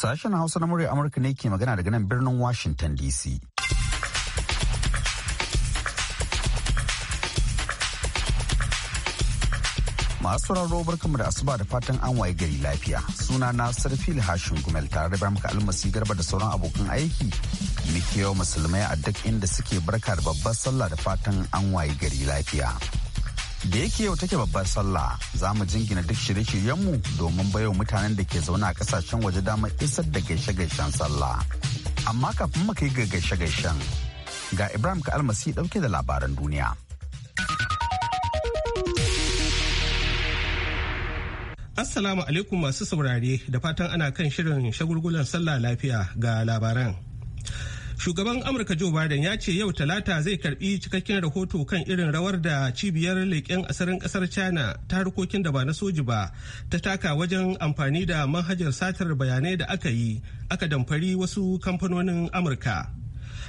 Sashen Hausa na murya Amurka ne ke magana daga nan birnin Washington DC. Masu sauraro barkanmu da asuba da fatan an waye gari lafiya. Suna na Sarfil Hashim Gumel tare da muka almasi garba da sauran abokan aiki. mukewa musulmai a duk inda suke barka da babbar sallah da fatan an waye gari lafiya. da yake yau take babbar sallah za mu jingina duk shirye-shiryenmu domin baiwa mutanen da ke zaune a kasashen waje damar isar da gaishe-gaishen sallah amma kafin mu kai ga gaishe-gaishen ga ibrahim ka almasi dauke da labaran duniya assalamu alaikum masu saurare da fatan ana kan shirin shagulgulan sallah lafiya ga labaran shugaban amurka joe biden ya ce yau talata zai karbi cikakken rahoto kan irin rawar da cibiyar leƙen asirin ƙasar china ta harkokin da ba na soji ba ta taka wajen amfani da manhajar satar bayanai da aka yi aka damfari wasu kamfanonin amurka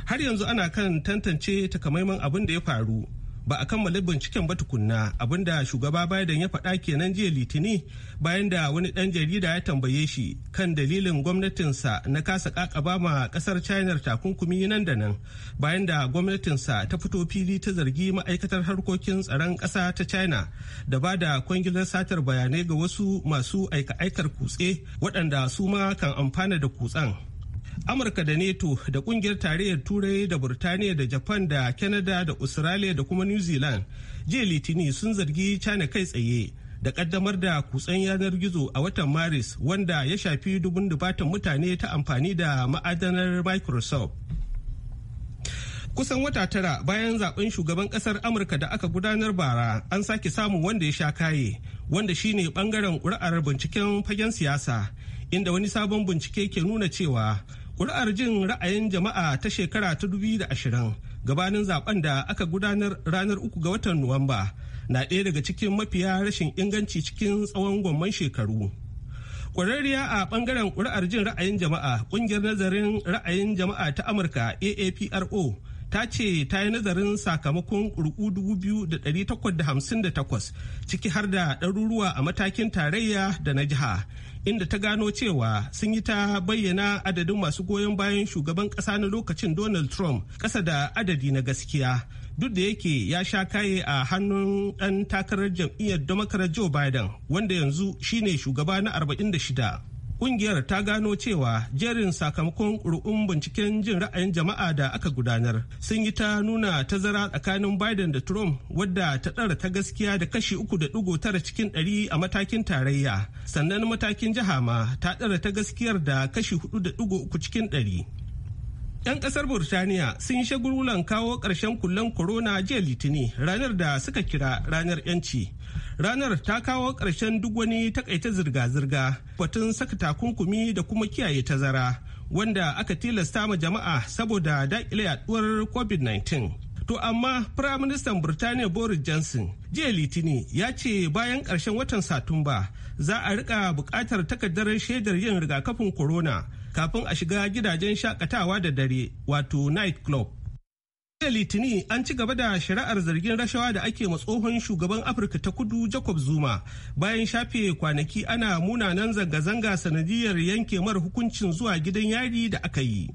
har yanzu ana kan tantance takamaiman abin da ya faru ba a kammala binciken ba tukunna abinda shugaba Biden ya faɗa kenan jiya litini bayan da wani ɗan jarida ya tambaye shi kan dalilin gwamnatinsa na kasa kakaba ma ƙasar China takunkumi nan da nan bayan da gwamnatinsa ta fito fili ta zargi ma'aikatar harkokin tsaron ƙasa ta China da ba da kwangilar satar bayanai ga wasu masu aika-aikar kutse waɗanda su ma kan amfana da kutsen. amurka da neto da kungiyar tarayyar turai da burtaniya da japan da canada da australia da kuma new zealand jiya litini sun zargi china kai tsaye da kaddamar da kutsen yanar gizo a watan maris wanda ya shafi dubun dubatan mutane ta amfani da ma'adanar microsoft kusan wata tara bayan zaben shugaban kasar amurka da aka gudanar bara an sake samun wanda ya sha kaye wanda shine bangaren ƙuri'ar binciken fagen siyasa inda wani sabon bincike ke nuna cewa Kuri'ar jin ra'ayin jama'a ta shekara ta ashirin gabanin zaben da aka gudanar ranar uku ga watan Nuwamba na ɗaya daga cikin mafiya rashin inganci cikin tsawon gwamman shekaru. Kwararriya a ɓangaren kuri'ar jin ra'ayin jama'a ƙungiyar nazarin ra'ayin jama'a ta Amurka AAPRO ta ce ta yi nazarin sakamakon da 2,858 ciki har da ɗaruruwa a matakin tarayya da na jiha. inda ta gano cewa sun yi ta bayyana adadin masu goyon bayan shugaban kasa na lokacin Donald Trump kasa da adadi na gaskiya. Duk da yake ya sha kaye a hannun dan takarar jam'iyyar Democrat Joe Biden wanda yanzu shine shugaba na 46. kungiyar ta gano cewa jerin sakamakon ƙuri'un binciken jin ra'ayin jama'a da aka gudanar sun yi ta nuna tazara tsakanin biden da trump wadda ta ɗara ta gaskiya da kashi uku da ɗigo tara cikin ɗari a matakin tarayya sannan matakin jiha ma ta ɗara ta gaskiyar da kashi hudu da ɗigo uku cikin ɗari 'Yan kasar Burtaniya sun yi shagulgulan kawo ƙarshen kullen corona jiya Litinin ranar da suka kira ranar 'yanci. ranar ta kawo ƙarshen duk wani takaita zirga-zirga batun saka takunkumi da kuma kiyaye tazara wanda aka tilasta ma jama'a saboda daƙile yaduwar covid-19 to amma firaministan birtaniya boris johnson jiya litini ya ce bayan ƙarshen watan satumba za a rika buƙatar takardar shaidar yin rigakafin corona kafin a shiga gidajen shakatawa da dare wato night club jiya litini an ci gaba da shari'ar zargin rashawa da ake tsohon shugaban afirka ta kudu jacob zuma bayan shafe kwanaki ana munanan zanga-zanga sanadiyar yanke mar hukuncin zuwa gidan yari da aka yi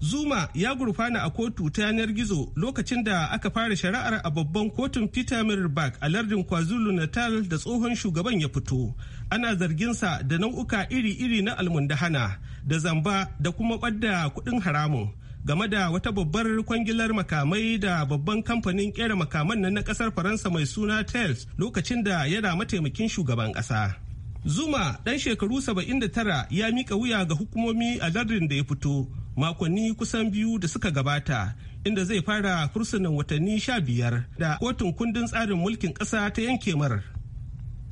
zuma ya gurfana a kotu ta yanar gizo lokacin da aka fara shari'ar a babban kotun peter mirbak a lardin kwazulu natal da tsohon shugaban ya fito ana zarginsa da nau'uka iri-iri na almundahana da zamba da kuma ɓadda kuɗin haramun game da wata babbar kwangilar makamai da babban kamfanin kera makaman nan na kasar faransa mai suna tels lokacin da yana mataimakin shugaban kasa zuma dan shekaru 79 ya mika wuya ga hukumomi a lardin da ya fito makonni kusan biyu da suka gabata inda zai fara fursunan watanni sha biyar da kotun kundin tsarin mulkin kasa ta yanke mar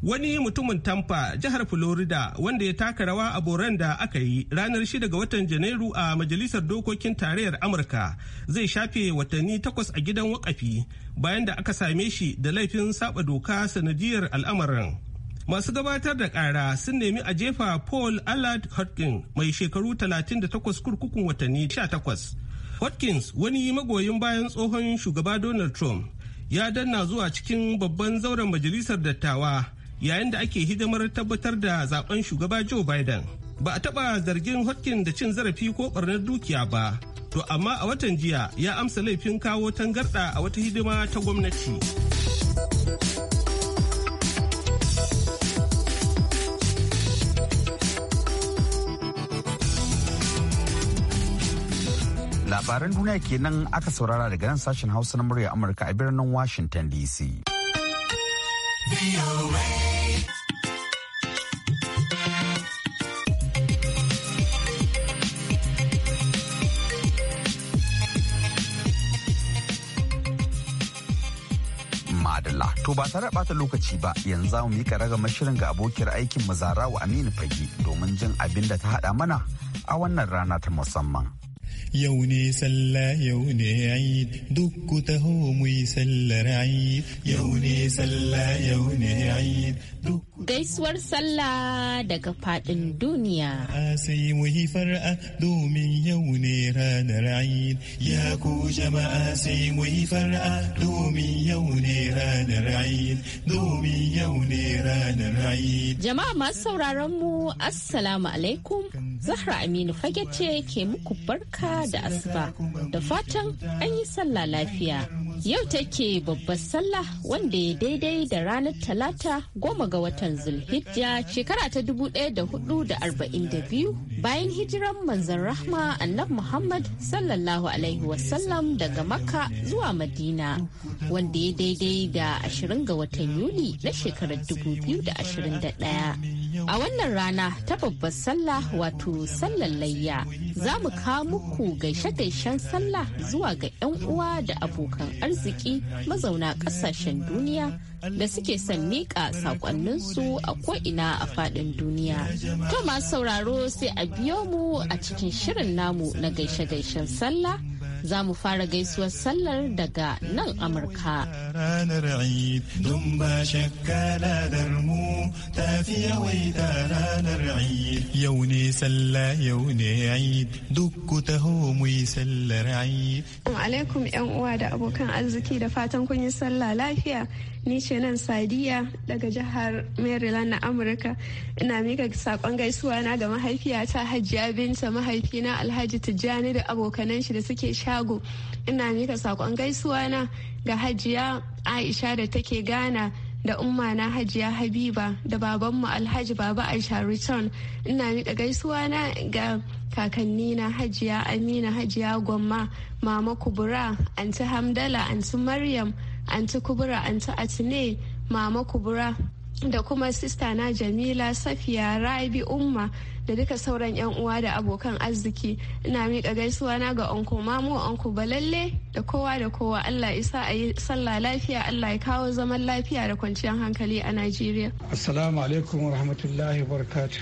wani mutumin tampa jihar florida wanda ya taka rawa a boran da aka yi ranar 6 ga watan janairu a majalisar dokokin tarayyar amurka zai shafe watanni takwas a gidan wakafi bayan da aka same shi da laifin saba doka sanadiyar al'amarin masu gabatar da kara sun nemi a jefa paul allard hodgkin mai shekaru 38 kurkukun watanni 18 hotkins wani magoyin bayan tsohon shugaba donald trump ya danna zuwa cikin babban zauren majalisar dattawa yayin da ake hidimar tabbatar da zaben shugaba Joe Biden. Ba a taɓa zargin Hotkin da cin zarafi ko ɓarnar dukiya ba, to amma a watan jiya ya amsa laifin kawo tangarɗa a wata hidima ta gwamnati. Labaran duniya kenan aka saurara daga nan sashen Hausa na murya Amurka a birnin Washington DC. To ba tare bata lokaci ba yanzu za mu mika ragamar shirin ga abokiyar aikin mu Zarawa Aminu Fage domin jin abin da ta haɗa mana a wannan rana ta musamman. yau ne sallah yau ne aid duk ku taho mu yi sallar aid yau ne sallah yau ne aid duk gaisuwar sallah daga fadin duniya sai mu yi far'a domin yau ne ranar aid ya ku jama'a sai mu yi far'a domin yau ne ranar aid domin yau ne ranar aid jama'a masu sauraron mu assalamu alaikum Zahra Aminu fage ce ke muku barka da asuba da fatan an yi sallah lafiya. Yau take babbar sallah wanda ya daidai da ranar talata goma ga watan Zulhijja shekara ta dubu da da da hudu arba'in biyu bayan hijiran manzan rahma annabi Muhammad sallallahu Alaihi wasallam daga Makka zuwa Madina wanda ya daidai da ashirin ga watan Yuli na shekarar dubu biyu da da ashirin ɗaya A wannan rana ta babbar sallah wato sallar layya za mu kawo muku gaishe-gaishen sallah zuwa ga 'yan uwa da abokan arziki mazauna ƙasashen duniya da suke son miƙa saƙonninsu a ko'ina a faɗin duniya. To masu sauraro sai a biyo mu a cikin shirin namu na gaishe-gaishen sallah. za mu fara gaisuwar sallar daga nan amurka ranar eid don ba shakka mu ta ranar eid yau ne sallah yau ne eid duk ku taho sallar eid alaikum yan uwa da abokan arziki da fatan kun yi sallah lafiya ni ce nan sadiya daga jihar maryland na amurka ina mika sakon gaisuwa na ga mahaifiyata hajiya binta mahaifina alhaji tijjani da abokanan shi da suke sha shago ina mika saƙon gaisuwa na ga hajiya aisha da take gana da umma na hajiya habiba da babanmu alhaji baba aisha return ina mika gaisuwa na ga kakanni na hajiya amina hajiya gwamma mama kubura anti hamdala anti maryam anti kubura anti atine mama kubura da kuma sista na jamila safiya rabi umma da duka sauran yan uwa da abokan arziki ina miƙa gaisuwa na ga onko mamu onko balalle da kowa da kowa allah isa a yi sallah lafiya allah ya kawo zaman lafiya da kwanciyar hankali a najeriya assalamu alaikum rahmatullahi barakatu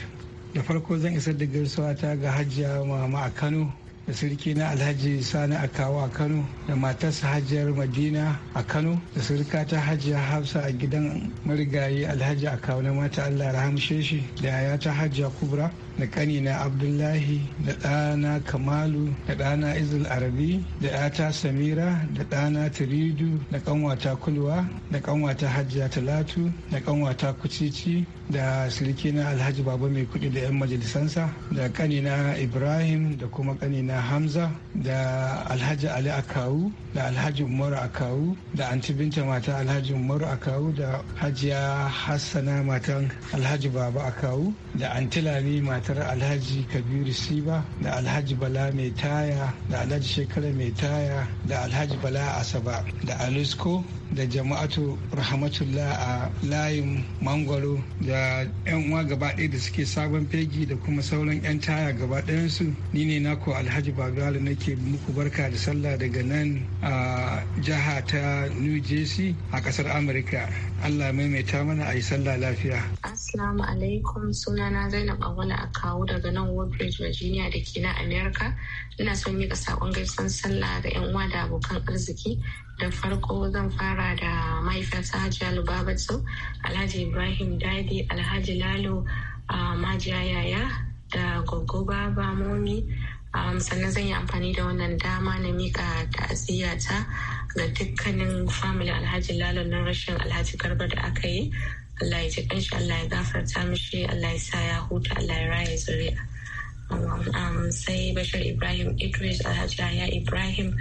da farko zan isar da gaisuwa ta ga hajjiya mama a kano da sarki na alhaji sani a kawo a kano da matarsa hajiyar madina a kano da sarka ta hajiya hafsa a gidan marigayi alhaji a kawo na mata allah rahamshe shi da ya ta hajiya kubra da na abdullahi da ɗana kamalu da ɗana izul arabi da yata samira da ɗana tiridu da ƙanwata kulwa da ƙanwata hajiya talatu da ƙanwata kucici da na alhaji baba mai kuɗi da 'yan majalisansa da na ibrahim da kuma kanina da hamza da alhaji ali akawu da alhaji umar akawu da anti binta mata alhaji umar akawu da hajiya hassana matan alhaji baba akawu da lami matar alhaji kabiru siba da alhaji bala mai taya da alhaji shekara mai taya da alhaji bala asaba da alusko da jama'atu rahmatullah a layin mangwaro da 'yan uwa gaba ɗaya da suke sabon fegi da kuma sauran 'yan taya gaba ɗayansu ni ne nako alhaji babu nake muku barka da sallah daga nan a jiha ta new jersey a ƙasar amurka allah maimaita mana a yi sallah lafiya assalamu alaikum suna na zainab awala a kawo daga nan woodbridge virginia da ke na america ina son yi ga sakon gaisan sallah ga 'yan uwa da abokan arziki da farko zan fara da mahaifiyarsa hajiya lubabatsu alhaji ibrahim dadi alhaji lalo majiya yaya da gogo baba momi sannan zan yi amfani da wannan dama na mika ta'aziyyata ga dukkanin famili alhaji lalo na rashin alhaji garba da aka yi allah ya ji kanshi allah ya gafarta mishi allah ya sa ya huta allah ya raya zuri'a um, sai Bashar ibrahim idris alhaji yaya ibrahim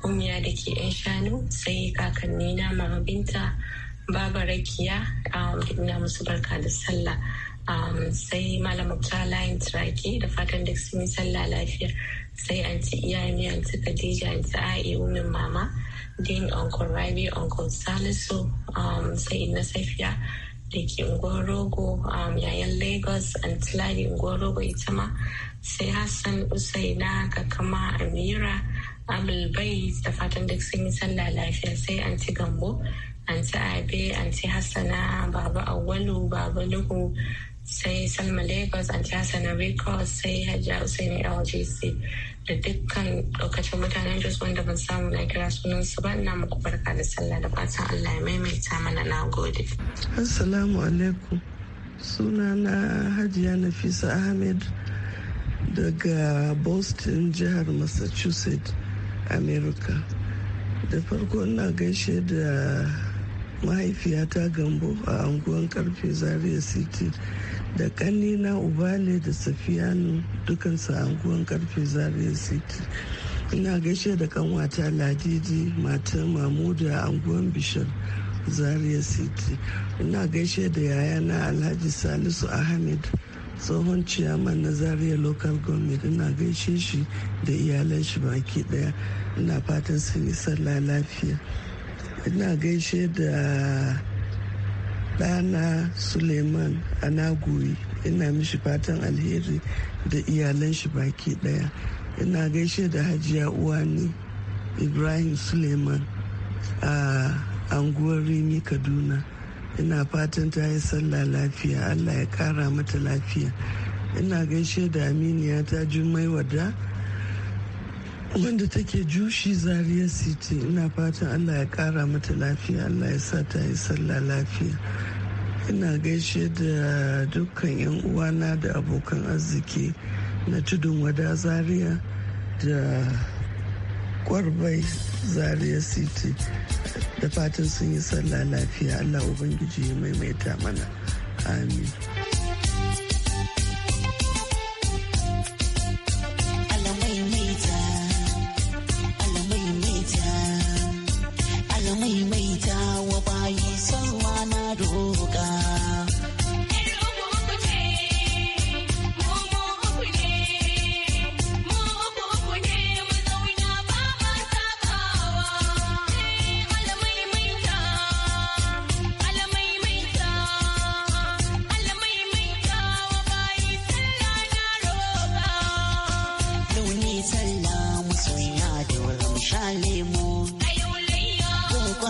umiya da ke 'yan shanu sai kakanni na mama binta baba rakiya um, ina musu barka da sallah um, sai malam ta layin turaki da fatan da sun yi sallah lafiya sai anti iyami anti khadija anti a'i umin mama din uncle rabi uncle salisu um, sai na safiya da ke unguwar rogo yayin lagos anti ladi unguwar rogo ita ma sai hassan usaina kakama amira family bai da fatan duk sun yi sallah lafiya sai an ci gambo an ci abe an ci hassana baba awwalu baba nuhu sai salma lagos an ci hassana records sai hajja usaini lgc da dukkan lokacin mutanen jos wanda ban samu na kira sunan su ba ina muku barka da sallah da fatan allah ya maimaita mana na gode assalamu alaikum sunana hajiya nafisa ahmed daga boston jihar massachusetts america da farko ina gaishe da mahaifiyata gambo a anguwan karfe zaria city da kanina ubale da safiyanu dukansu a anguwan karfe zaria city ina gaishe da kanwata ladidi matan mamudu a anguwan bishar zaria city ina gaishe da yayana alhaji salisu ahmed tsohon ciyaman na zaria local government ina gaishe shi da iyalan shi baki daya ina fatan sun yi sallah lafiya ina gaishe da ɗana suleiman a nagoyi ina mishi fatan alheri da iyalan shi baki daya ina gaishe da hajiya uwani ibrahim suleiman a anguwar rimi kaduna ina fatan ta yi sallah lafiya allah ya kara mata lafiya ina gaishe da aminiya ta jummai wadda wanda take jushi zaria city ina fatan allah ya kara mata lafiya allah ya sa ta yi sallah lafiya ina gaishe da dukkan yan uwana da abokan arziki na tudun wada zaria da kwarbai zaria city da fatan sun yi sallah lafiya allah ubangiji ya maimaita mana amin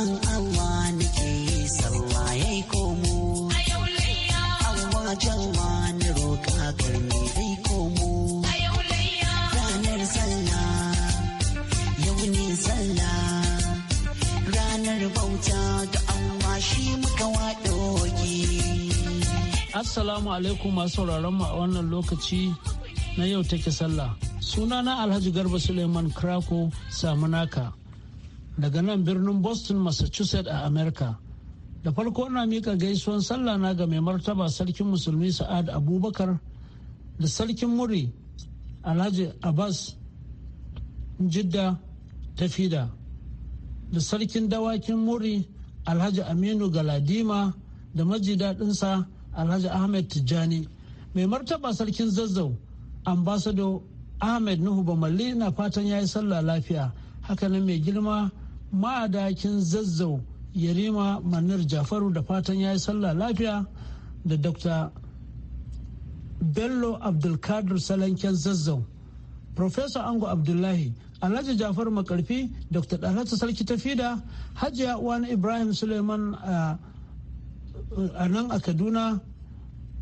An Allah nake sallah yayi komo Allah jalla na roƙa karni dai komo ranar sallah yau ne sallah ranar bauta ga Allah shi muka waɗoki Assalamu alaikum masu sauraron mu a wannan lokaci na yau take sallah sunana Alhaji Garba Suleiman Krako Samunaka daga nan birnin boston massachusetts a america da farko na mika gaisuwan sallah na ga mai martaba sarkin musulmi sa'ad abubakar da sarkin muri alhaji abbas jidda tafida da sarkin dawakin muri alhaji aminu galadima da majidaɗinsa alhaji ahmed tijjani mai martaba sarkin zazzau ambasado ahmed nuhu bamalli na fatan ya yi sallah lafiya hakanan mai girma ma'adakin zazzau yarima manar jafaru da fatan ya yi sallah lafiya da dr bello abdulkadir salanken zazzau professor ango abdullahi alhaji jafar makarfi dr dalhatu sarki ta tafida hajiya uwan ibrahim suleiman a nan a kaduna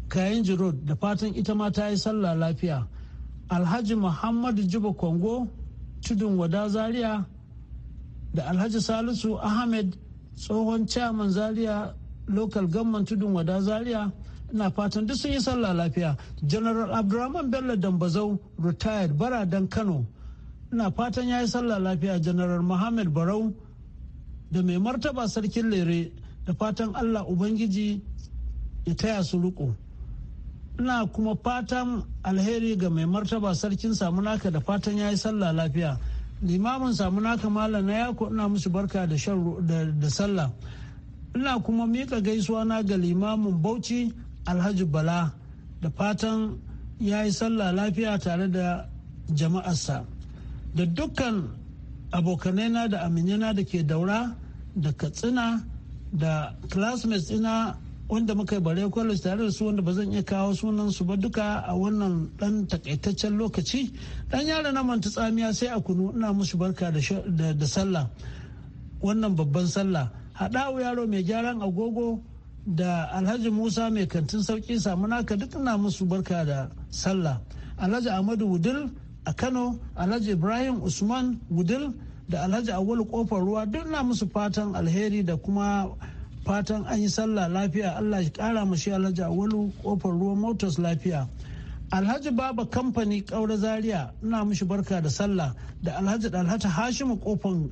kayan road da fatan ita ma ta yi sallah lafiya alhaji muhammadu juba kongo tudun wada zaria da alhaji salisu ahmed tsohon chairman zaria local government tudun wada zaria ina fatan duk sun yi sallah lafiya general abdurrahman bello dambazau retired dan kano ina fatan ya yi sallah lafiya general Mohammed barau da mai martaba sarkin lere da fatan allah ubangiji ya taya su riko ina kuma fatan alheri ga mai martaba sarkin samunaka da fatan ya yi sallah lafiya limamin samu na kamala na yako ina musu barka da sallah ina kuma mika gaisuwa na ga limamin bauchi alhaji bala da fatan ya yi sallah lafiya tare da jama'arsa da dukkan abokanaina da aminina da ke daura da katsina da classmates ina wanda muka yi bare college tare da su wanda ba zan iya kawo sunan su ba duka a wannan dan takaitaccen lokaci dan yaro na manta tsamiya sai a kunu ina musu barka da sallah wannan babban sallah haɗawu yaro mai gyaran agogo da alhaji musa mai kantin sauki samu naka duk ina musu barka da sallah alhaji ahmadu wudil a kano alhaji ibrahim usman wudil da alhaji awul kofar ruwa duk ina musu fatan alheri da kuma fatan an yi sallah lafiya allah ya kara shi alhaji awalu kofar ruwan motors lafiya alhaji baba kamfani kaura zaria ina mishi barka da sallah da alhaji dalhata hashimu kofan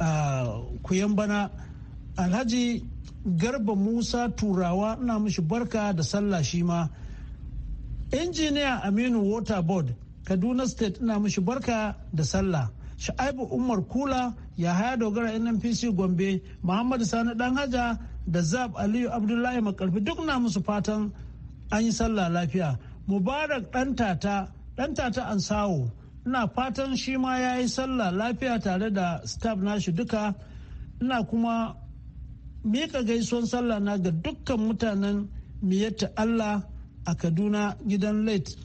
ah, kuyan bana alhaji garba musa turawa ina mishi barka da sallah shi ma injiniya aminu water board kaduna state ina mishi barka da sallah sha'aibu umar kula ya haya dogara nnpc gombe muhammadu sani dan haja da zab aliyu abdullahi makarfi duk na musu fatan an yi sallah lafiya mubarak dan tata an sawo ina fatan shi ma ya yi sallah lafiya tare da staff nashi duka ina kuma miƙa gaisuwan sallah na ga dukkan mutanen miyatta allah a kaduna gidan late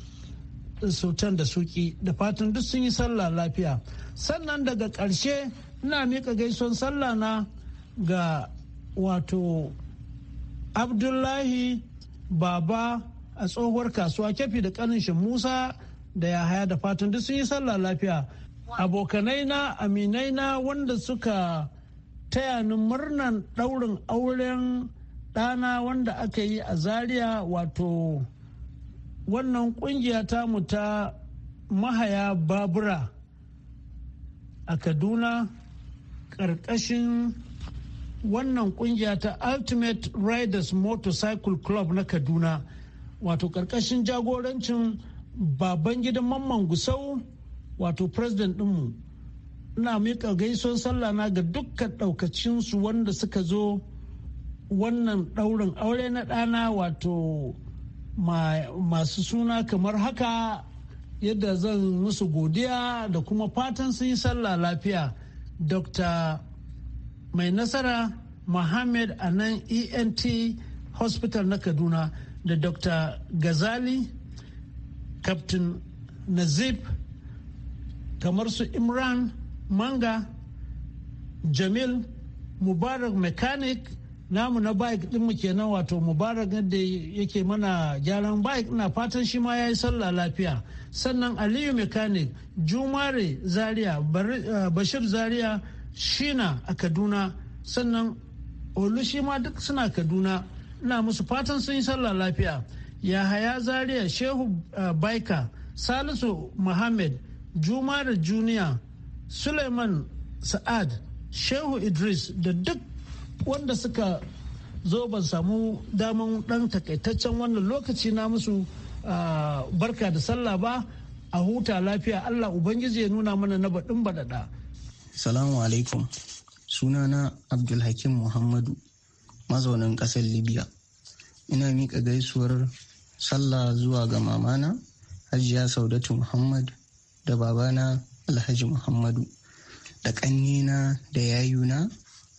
sautan da suki da fatan duk sun yi sallah lafiya sannan daga ƙarshe ina miƙa gaisuwan sallah na ga wato abdullahi baba a tsohuwar kasuwa kefi da kanin shi musa da ya haya da fatan duk sun yi sallah lafiya abokanai na aminai na wanda suka taya ni murnan daurin auren dana wanda aka yi a zaria wato wannan kungiya ta mu ta mahaya babura a kaduna karkashin. wannan kungiya ta ultimate riders motorcycle club na kaduna wato karkashin jagorancin baban gidan mamman gusau wato president dinmu ina mika gaison sallah na ga dukkan ɗaukacinsu wanda suka zo wannan ɗaurin aure na ɗana wato masu suna kamar haka yadda zan musu godiya da kuma fatan sun yi sallah lafiya dr mai nasara Mohammed a nan ENT Hospital na Kaduna da Dr. Gazali, Captain Nazib, kamar su Imran Manga, Jamil, Mubarak Mechanic, namu na bike dinmu kenan wato Mubarak da yake mana gyaran bike na fatan shi ma ya yi sallah lafiya. Sannan Aliyu Mechanic, Jumare Zaria, eh, Bashir Zaria, shina a kaduna sannan olu ma duk suna kaduna ina musu fatan sun yi sallah lafiya yahaya zaria shehu eh, baika salisu muhammad juma da juniya suleiman sa'ad shehu idris da duk wanda suka zo ban samu daman dan takaitaccen wannan lokaci na musu eh, barka da sallah ba a huta lafiya allah ubangiji ya nuna mana na baɗin baɗaɗa Salamu alaikum. Sunana Abdulhakim Muhammadu, mazaunin ƙasar Libya. Ina miƙa gaisuwar sallah zuwa ga mamana Hajiya Saudatu Muhammad da babana Alhaji Muhammadu da ƙannena da yayuna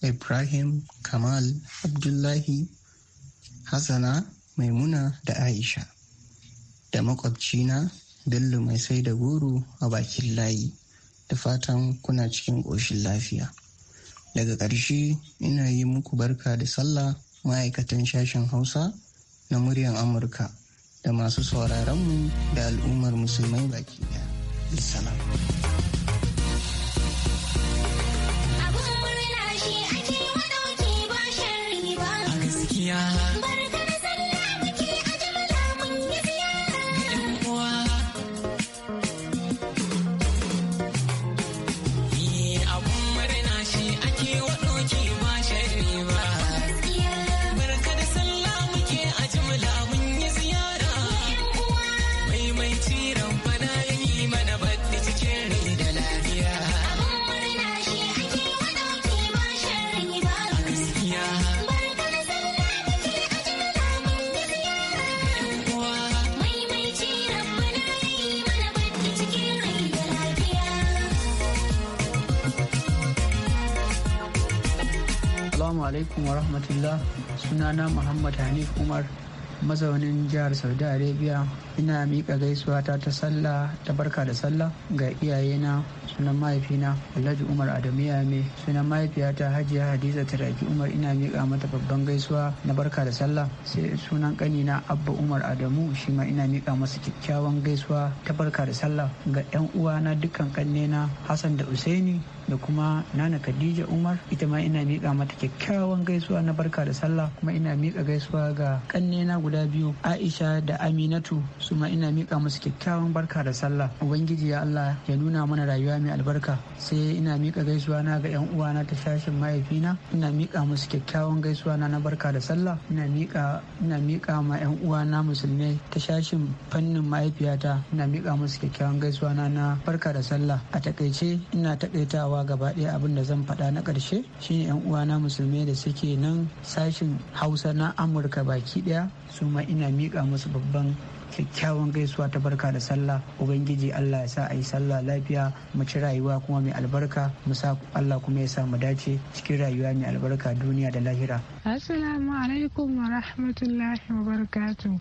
Ibrahim Kamal Abdullahi Hassana Maimuna da Aisha da makwabcina Bello mai sai da goro a bakin layi. da fatan kuna cikin ƙoshin lafiya. Daga ƙarshe ina yi muku barka da sallah ma'aikatan sashen Hausa na muryar Amurka da masu sauraronmu da al'ummar musulmai baki ɗaya. Bisalam. sunana muhammad hanif umar mazaunin jihar saudi arabia ina mika gaisuwa ta ta sallah ta barka da sallah ga iyayena sunan mahaifina alhaji umar adamu yame sunan mahaifiyata hajiya hadiza taraki umar ina mika mata babban gaisuwa na barka da sallah sai sunan ƙanina abba umar adamu shi ma ina mika masa kyakkyawan gaisuwa ta barka da sallah ga yan na dukkan ƙannena hassan da usaini da kuma nana khadija umar ita ma ina miƙa mata kyakkyawan gaisuwa na barka da sallah kuma ina miƙa gaisuwa ga kannena guda biyu aisha da aminatu su ma ina miƙa musu kyakkyawan barka da sallah ubangiji ya allah ya nuna mana rayuwa mai albarka sai ina miƙa gaisuwa na ga yan uwana ta shashin mahaifina ina miƙa musu kyakkyawan gaisuwa na barka da sallah ina miƙa ina miƙa ma yan uwana musulmai ta shashin fannin mahaifiyata ina miƙa musu kyakkyawan gaisuwa na na barka da sallah a takaice ina takaitawa takaitawa gaba ɗaya abin da zan faɗa na ƙarshe shine yan uwana musulmai da suke nan sashin hausa na amurka baki ɗaya su ma ina miƙa musu babban kyakkyawan gaisuwa ta barka da sallah ubangiji allah ya sa a yi sallah lafiya mu ci rayuwa kuma mai albarka mu allah kuma ya sa mu dace cikin rayuwa mai albarka duniya da lahira Assalamu alaikum wa rahmatullahi wa barakatuh.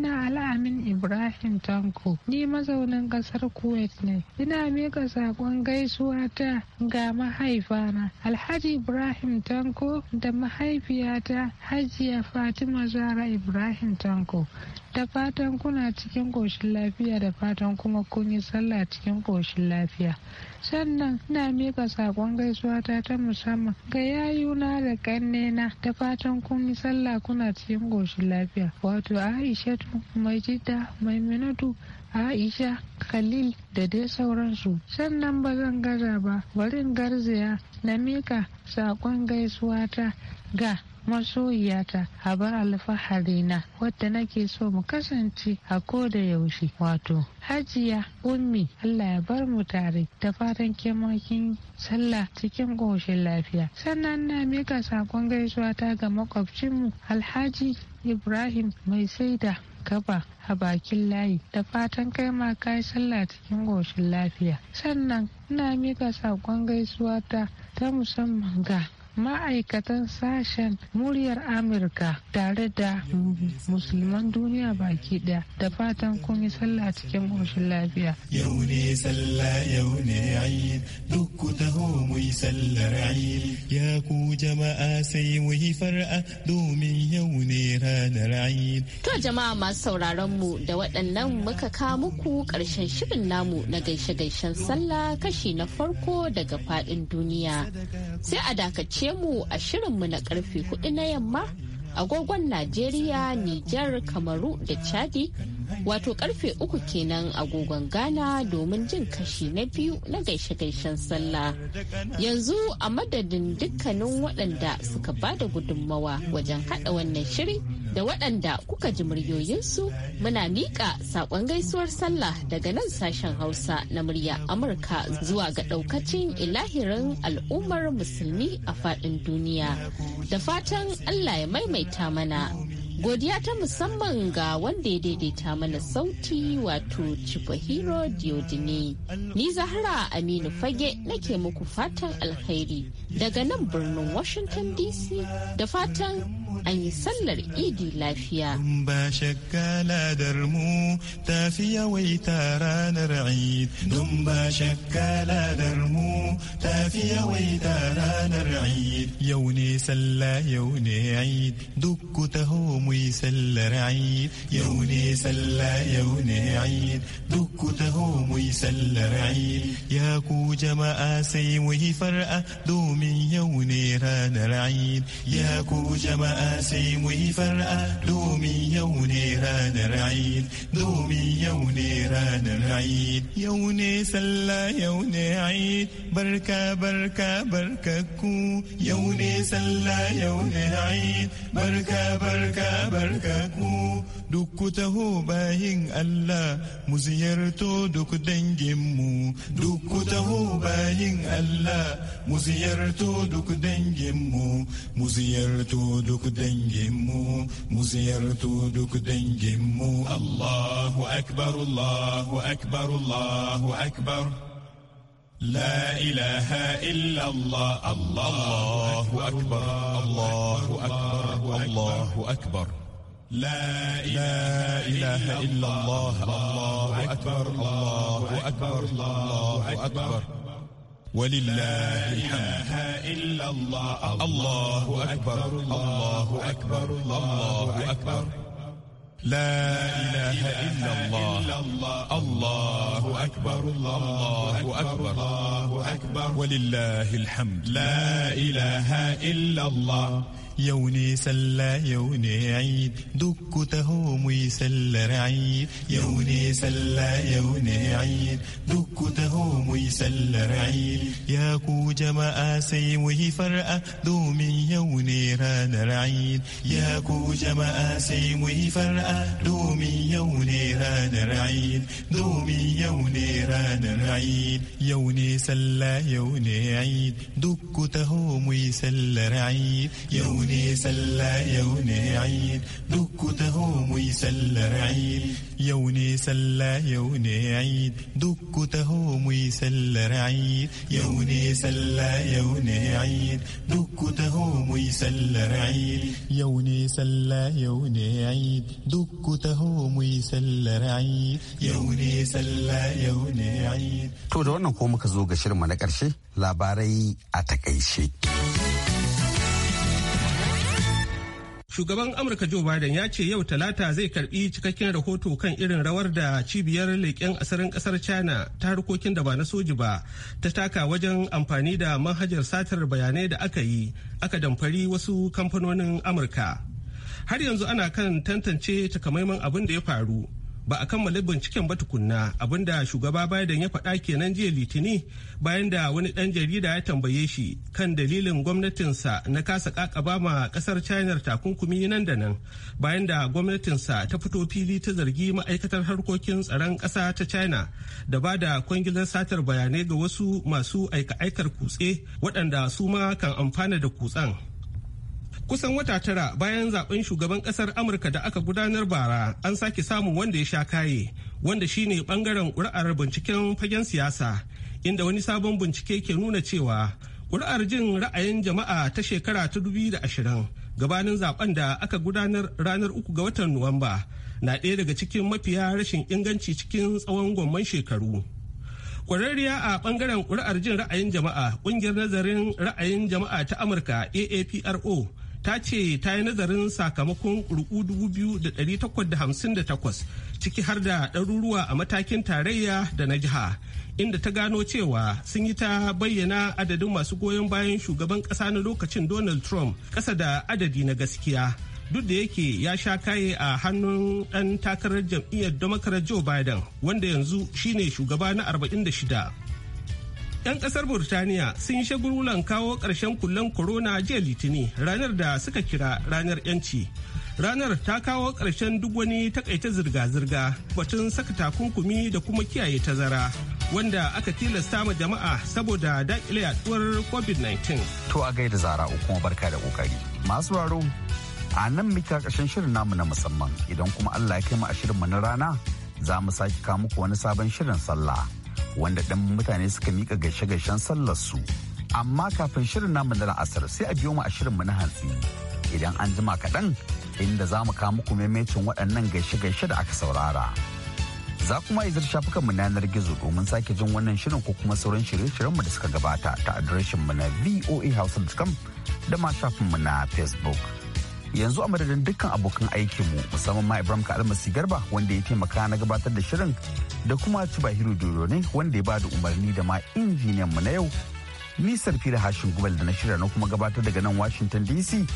na Al'amin Ibrahim Tanko, ni mazaunin kasar Kuwait ne. Ina mika saƙon gaisuwa ta ga mahaifana Alhaji Ibrahim Tanko da mahaifiyata Hajiya Fatima Zara Ibrahim Tanko. Da fatan kuna cikin ƙoshin lafiya da fatan kuma kun yi sallah cikin ƙoshin lafiya. sannan na mika saƙon gaisuwa ta ta musamman ga yayuna da na da fatan kun yi sallah kuna cikin goshin lafiya wato aishatu mai jidda mai minatu Aisha, Khalil da dai sauransu. Sannan ba zan gaza ba, barin garzaya na mika saƙon gaisuwata ga masoyiyata habar na wadda nake so mu kasance a ko da yaushe wato hajiya ummi allah ya bar mu tare da fatan kemakin sallah cikin ƙoshin lafiya sannan na mika sakon gaisuwa ta ga makwabcinmu alhaji ibrahim mai saida gaba a bakin layi da fatan kai ma kai sallah cikin goshin lafiya sannan ina mika sakon gaisuwa ta musamman ga ma'aikatan sashen muryar amurka tare da musulman duniya baki ɗaya da fatan kun yi sallah cikin ƙoshin lafiya yau ne sallah yau ne ayin duk ku taho mu yi sallar ayin ya ku jama'a sai mu yi far'a domin yau ne ranar ayin to jama'a masu sauraron mu da waɗannan muka kamaku muku ƙarshen shirin namu na gaishe-gaishen sallah kashi na farko daga faɗin duniya sai a dakaci dakace mu a shirinmu na karfe hudu na yamma agogon Najeriya, Nijar, Kamaru da Chadi wato karfe uku kenan agogon Ghana domin jin kashi na biyu na gaishe-gaishen sallah. Yanzu a madadin dukkanin waɗanda suka ba da gudunmawa wajen haɗa wannan shiri da waɗanda kuka ji muryoyinsu muna miƙa saƙon gaisuwar sallah daga nan sashen Hausa na murya Amurka zuwa ga ɗaukacin ilahirin al'ummar musulmi a faɗin duniya. Da fatan Allah ya maimaita mana. Godiya ta musamman ga wanda ya daidaita mana sauti wato Chibahiro Diodine. Ni Zahra Aminu Fage nake muku fatan alkhairi. daga nan birnin Washington DC da fatan an yi sallar idi lafiya. ba shakka ladar mu ta fi yawaita ranar Eid. Dun ba shakka ladar mu ta fi yawaita ranar Eid. Yau ne sallah yau ne Eid duk ku taho mu yi sallar Eid. Yau ne sallah yau ne Eid duk ku taho mu yi sallar Eid. Ya ku jama'a sai muhi yi far'a domin domin yau ne ranar Eid ya ku jama'a sai mu yi far'a domin yau ne ranar Eid domin yau ne ranar Eid yau ne sallah yau ne Eid barka barka barka ku yau ne sallah yau ne Eid barka barka barka ku duk ku taho bayin Allah mu ziyarto duk danginmu duk ku taho bayin Allah mu ziyarto to duk danginmu mu muziyar to duk danginmu mu muziyar to duk mu Allahu akbar Allahu akbar Allahu akbar لا إله إلا الله الله أكبر الله أكبر الله أكبر لا إله إلا الله الله أكبر الله أكبر الله أكبر ولله الحمد لا اله إلا الله أكبر الله أكبر الله أكبر لا إله إلا الله الله أكبر الله أكبر الله أكبر ولله الحمد لا إله إلا الله يوني سلا يوني عيد دك تهوم يسل رعيد يوني سلا يوني عيد دك تهوم يسل رعيد يا كو جما اسي وهي فرقة دومي يوني ران رعيد يا كو جما اسي وهي فرقة دومي يوني ران رعيد دومي يوني ران رعيد يوني سلا يوني عيد دك تهوم يسل رعيد يوني ne sallah yau ne ayin duk ta taho mu yi sallar ayin yau ne sallah yau ne ayin duk ku taho mu yi sallar ayin yau ne sallah yau ne ayin duk ku taho mu yi sallar ayin yau ne sallah yau ne ayin duk ku taho mu yi sallar ayin yau ne sallah yau ne ayin to da wannan ko muka zo ga mu na ƙarshe labarai a takaice. Shugaban Amurka Joe Biden ya ce yau talata zai karbi cikakken rahoto kan irin rawar da cibiyar leƙen asirin ƙasar China ta harkokin da ba na soji ba ta taka wajen amfani da manhajar satar bayanai da aka yi aka damfari wasu kamfanonin Amurka. Har yanzu ana kan tantance takamaiman abin da ya faru. ba a kammala binciken ba tukunna abinda shugaba Biden ya faɗa kenan jiya litini bayan da wani ɗan jarida ya tambaye shi kan dalilin gwamnatinsa na kasa kakaba ma ƙasar China takunkumi nan da nan bayan da gwamnatinsa ta fito fili ta zargi ma'aikatar harkokin tsaron ƙasa ta China da ba da kwangilar satar bayanai ga wasu masu aika-aikar kutse waɗanda su ma kan amfana da kutsen. kusan wata tara bayan zaben shugaban kasar amurka da aka gudanar bara an sake samun wanda ya sha kaye wanda shine bangaren kuri'ar binciken fagen siyasa inda wani sabon bincike ke nuna cewa ƙuri'ar jin ra'ayin jama'a ta shekara ta da ashirin gabanin zaben da aka gudanar ranar uku ga watan nuwamba na ɗaya daga cikin mafiya rashin inganci cikin tsawon gwamman shekaru kwararriya a bangaren ƙuri'ar jin ra'ayin jama'a ƙungiyar nazarin ra'ayin jama'a ta amurka aapro ta ce ta yi nazarin sakamakon ƙuri'u takwas ciki har da ɗaruruwa a matakin tarayya da na jiha inda ta gano cewa sun yi ta bayyana adadin masu goyon bayan shugaban ƙasa na lokacin donald trump ƙasa da adadi na gaskiya duk da yake ya sha kaye a hannun ɗan takarar jam'iyyar democrat joe biden wanda yanzu shine shugaba na arba'in da shida. 'Yan kasar Burtaniya sun yi shagulgulan kawo ƙarshen kullen corona jiya litini ranar da suka kira ranar 'yanci. Ranar ta kawo ƙarshen duk wani takaita zirga-zirga batun saka takunkumi da kuma kiyaye tazara. wanda aka tilasta ma jama'a saboda daƙile yaduwar covid-19. To a gaida zara kuma barka da kokari. Masu raro a nan muka ƙarshen shirin namu na musamman idan kuma Allah ya kai mu a shirinmu na rana za mu sake kawo muku wani sabon shirin sallah. wanda ɗan mutane suka mika gaishe-gaishen sallar su Amma kafin shirin namu na asar sai a biyo mu a shirin mu na hantsi idan an jima kaɗan inda za mu kawo muku maimacin waɗannan gaishe-gaishe da aka saurara. Za kuma izar shafukan mu yanar gizo domin sake jin wannan shirin ko kuma sauran shirye-shiryen mu da suka gabata ta adireshin mu na voahausa.com da ma shafin mu na Facebook. yanzu a madadin dukkan abokan aikinmu musamman ma ibrahim almasi garba wanda ya taimaka na gabatar da shirin da kuma cibahiru dodo ne wanda ya bada umarni da ma injiniyan mu na yau ni sarfi da hashin gubal da na shirya na kuma gabatar daga nan washington dc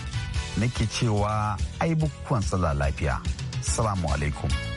nake cewa ai bukukuwan sallah lafiya salamu alaikum